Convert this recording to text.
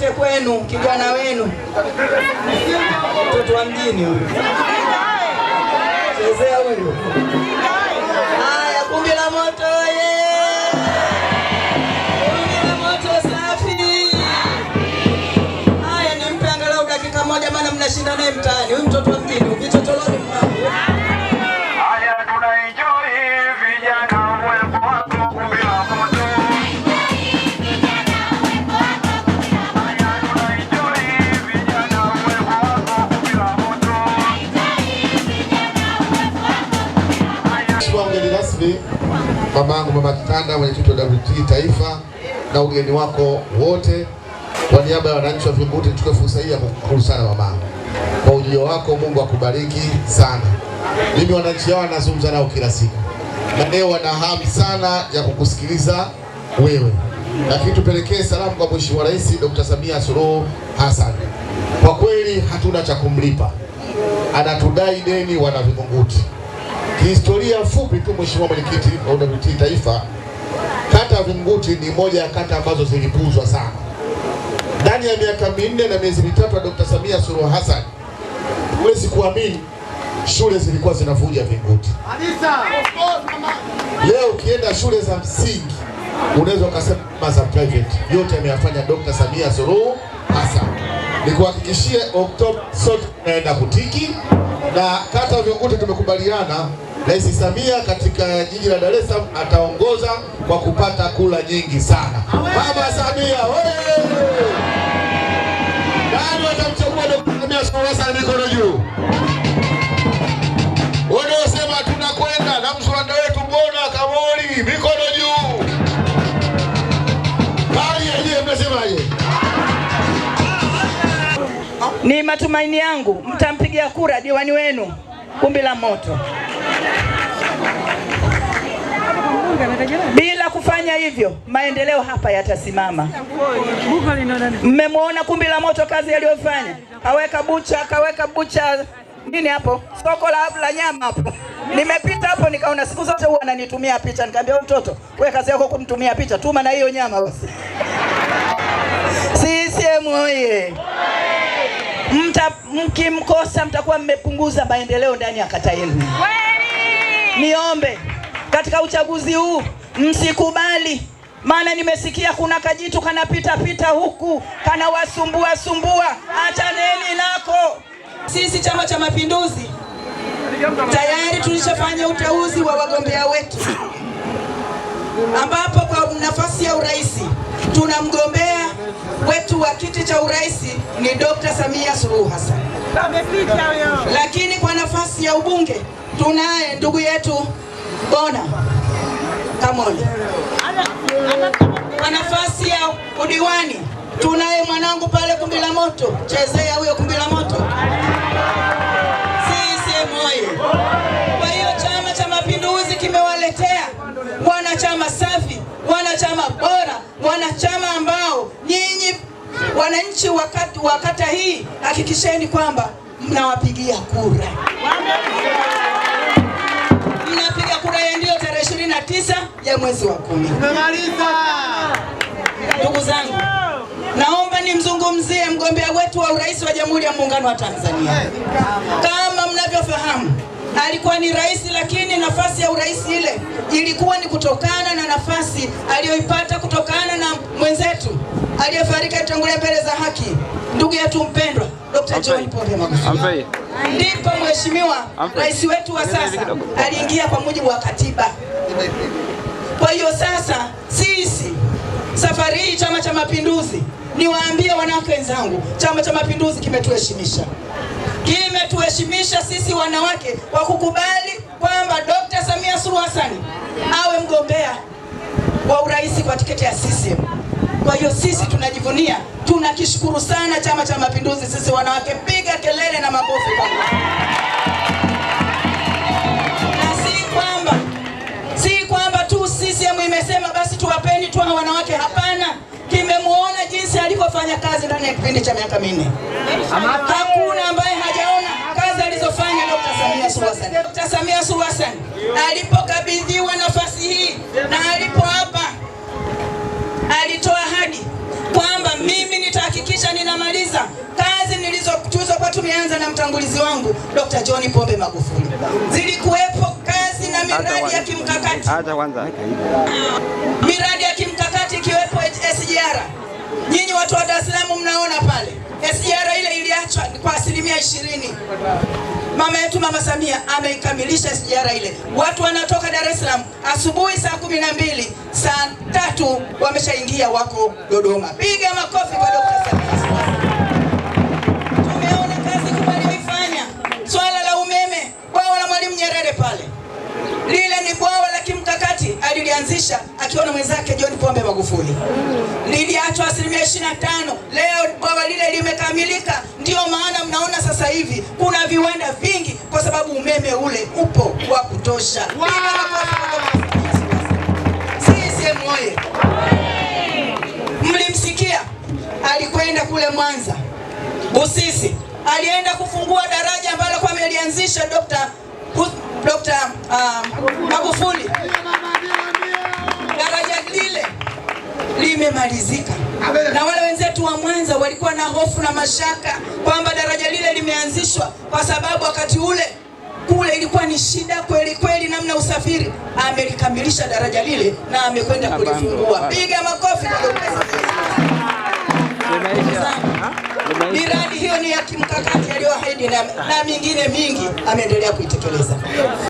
Lete kwenu kijana wenu, mtoto wa mjini huyu, chezea huyu. mama yangu Mama Kitanda, mwenyekiti wa WT Taifa, na ugeni wako wote. Kwa niaba ya wananchi wa Vingunguti, nichukue fursa hii ya kukushukuru sana mamangu kwa ujio wako. Mungu akubariki sana. Mimi wananchi hawa nazungumza nao kila siku, na leo wana hamu sana ya kukusikiliza wewe, lakini tupelekee salamu kwa Mheshimiwa Rais Dr. Samia Suluhu Hassan. Kwa kweli hatuna cha kumlipa, anatudai deni wana Vingunguti. Kihistoria fupi tu, Mheshimiwa Mwenyekiti wa UWT Taifa, kata ya Vingunguti ni moja ya kata ambazo zilipuuzwa sana. Ndani ya miaka minne na miezi mitatu ya Dr. Samia Suluhu Hassan, huwezi kuamini shule zilikuwa zinavuja Vingunguti. Leo ukienda shule za msingi unaweza ukasema za private, yote ameyafanya Dr. Samia Suluhu Hassan. Nikuhakikishie Oktoba sote tunaenda kutiki, na kata ya Vingunguti tumekubaliana Rais Samia katika jiji la Dar es Salaam ataongoza kwa kupata kula nyingi sana. Baba Samia wewe! Nani watamchagua Dkt. Samia Suluhu Hassan mikono juu? Wanaosema tunakwenda na mswada wetu mbona kamoli mikono juu. Bali yeye mnasemaje? Ni matumaini yangu mtampigia kura diwani wenu Kumbi la Moto. Bila kufanya hivyo maendeleo hapa yatasimama. Mmemwona kumbi la moto kazi aliyofanya, kaweka bucha, kaweka bucha nini hapo, soko la, la nyama hapo. Nimepita hapo nikaona, siku zote huwa ananitumia picha, nikamwambia mtoto, wewe kazi yako kumtumia picha, tuma na hiyo nyama basi. CCM oye! Mta, mkimkosa mtakuwa mmepunguza maendeleo ndani ya kata yenu niombe katika uchaguzi huu msikubali, maana nimesikia kuna kajitu kanapita pita huku kanawasumbua sumbua, achaneni nako. Sisi Chama cha Mapinduzi tayari tulishafanya uteuzi wa wagombea wetu, ambapo kwa nafasi ya urais tuna mgombea wetu wa kiti cha urais ni Dr. Samia Suluhu hasan lakini kwa nafasi ya ubunge tunaye ndugu yetu Bona Kamoli. Kwa nafasi ya udiwani tunaye mwanangu pale kumbi la moto, chezea huyo kumbi la moto. Sisi oye! Kwa hiyo Chama cha Mapinduzi kimewaletea wanachama safi, wanachama bora, wanachama ambao nyinyi Wananchi wakati wa kata hii, hakikisheni kwamba mnawapigia kura, mnapiga kura ya ndio tarehe 29 ya mwezi wa kumi. Ndugu zangu, naomba nimzungumzie mgombea wetu wa urais wa Jamhuri ya Muungano wa Tanzania. Kama mnavyofahamu alikuwa ni rais lakini nafasi ya urais ile ilikuwa ni kutokana na nafasi aliyoipata kutoka aliyefariki alitangulia mbele za haki, ndugu yetu mpendwa Dr. John Pombe Magufuli. Ndipo mheshimiwa rais wetu wa sasa aliingia kwa mujibu wa katiba. Kwa hiyo sasa sisi safari hii Chama cha Mapinduzi, niwaambie wanawake wenzangu, Chama cha Mapinduzi kimetuheshimisha, kimetuheshimisha sisi wanawake kwa kukubali kwamba Dr. Samia Suluhu Hassan awe mgombea wa urais kwa tiketi ya CCM. Kwa hiyo sisi tunajivunia, tunakishukuru sana Chama cha Mapinduzi. Sisi wanawake, piga kelele na makofi kwa kwamba tu imesema basi tuwapeni wanawake. Hapana, kimemwona jinsi alivyofanya kazi ndani ya kipindi cha miaka minne. Hakuna ambaye hajaona kazi alizofanya Dr. Samia Suluhu Hassan. Dr. Samia Suluhu Hassan alipokabidhi kumaliza kazi kwa, tumeanza na mtangulizi wangu Dr. John Pombe Magufuli, zilikuwepo kazi na miradi ya kimkakati, miradi ya kimkakati ikiwepo SGR. Nyinyi watu wa Dar es Salaam mnaona pale SGR ile iliachwa kwa asilimia ishirini. Mama yetu Mama Samia ameikamilisha SGR ile, watu wanatoka Dar es Salaam asubuhi saa kumi na mbili saa tatu wameshaingia wako Dodoma. Piga makofi kwa Dr. Samia. Lile ni bwawa la kimkakati alilianzisha akiwa na mwenzake John Pombe Magufuli. Liliachwa asilimia 25. Leo bwawa lile limekamilika, ndiyo maana mnaona sasa hivi kuna viwanda vingi, kwa sababu umeme ule upo wa kutosha. CCM oye! Mlimsikia alikwenda kule Mwanza, Busisi, alienda kufungua daraja ambalo kwa amelianzisha Dr. Dr. um, limemalizika, na wale wenzetu wa Mwanza walikuwa na hofu na mashaka kwamba daraja lile limeanzishwa kwa sababu wakati ule kule ilikuwa ni shida kweli kweli, namna usafiri. Amelikamilisha daraja lile na amekwenda kulifungua. Piga makofi miradi hiyo ni ya kimkakati aliyoahidi na, na mingine mingi ameendelea kuitekeleza.